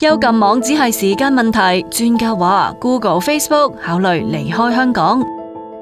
休禁網只係時間問題，專家話 Google、Facebook 考慮離開香港，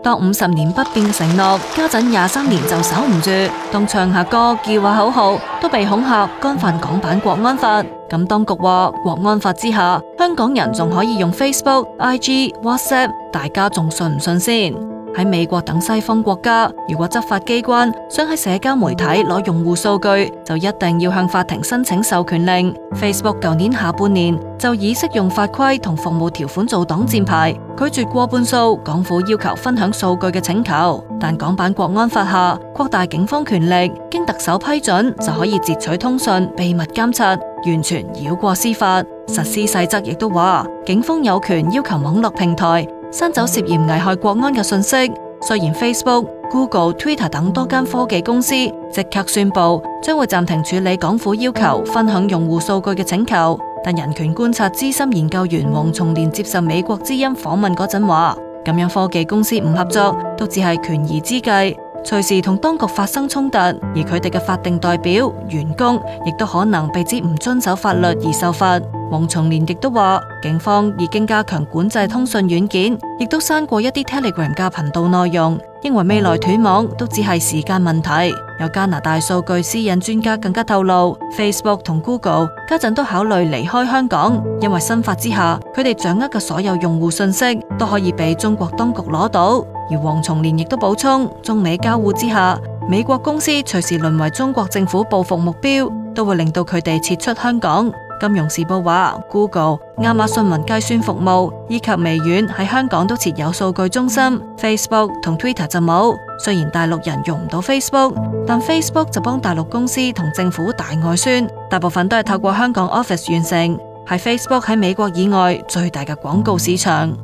當五十年不變承諾家陣廿三年就守唔住，當唱下歌，歌、叫下口號都被恐嚇，干犯港版國安法，咁當局話國安法之下，香港人仲可以用 Facebook、IG、WhatsApp，大家仲信唔信先？喺美國等西方國家，如果執法機關想喺社交媒體攞用戶數據，就一定要向法庭申請授權令。Facebook 舊年下半年就以適用法規同服務條款做擋箭牌，拒絕過半數港府要求分享數據嘅請求。但港版國安法下，擴大警方權力，經特首批准就可以截取通訊，秘密監察，完全繞過司法。實施細則亦都話，警方有權要求網絡平台。刪走涉嫌危害國安嘅信息，雖然 Facebook、Google、Twitter 等多間科技公司即刻宣布將會暫停處理港府要求分享用戶數據嘅請求，但人權觀察資深研究員黃松蓮接受美國之音訪問嗰陣話：咁樣科技公司唔合作都只係權宜之計。隨時同當局發生衝突，而佢哋嘅法定代表、員工亦都可能被指唔遵守法律而受罰。黃松年亦都話，警方已經加強管制通訊軟件，亦都刪過一啲 Telegram 嘅頻道內容。認為未來斷網都只係時間問題。有加拿大數據私隱專家更加透露，Facebook 同 Google 家陣都考慮離開香港，因為新法之下，佢哋掌握嘅所有用戶信息都可以畀中國當局攞到。而黃松年亦都補充，中美交互之下，美國公司隨時淪為中國政府報復目標，都會令到佢哋撤出香港。金融時報話，Google、亞馬遜雲計算服務以及微軟喺香港都設有數據中心，Facebook 同 Twitter 就冇。雖然大陸人用唔到 Facebook，但 Facebook 就幫大陸公司同政府大外宣，大部分都係透過香港 Office 完成。係 Facebook 喺美國以外最大嘅廣告市場。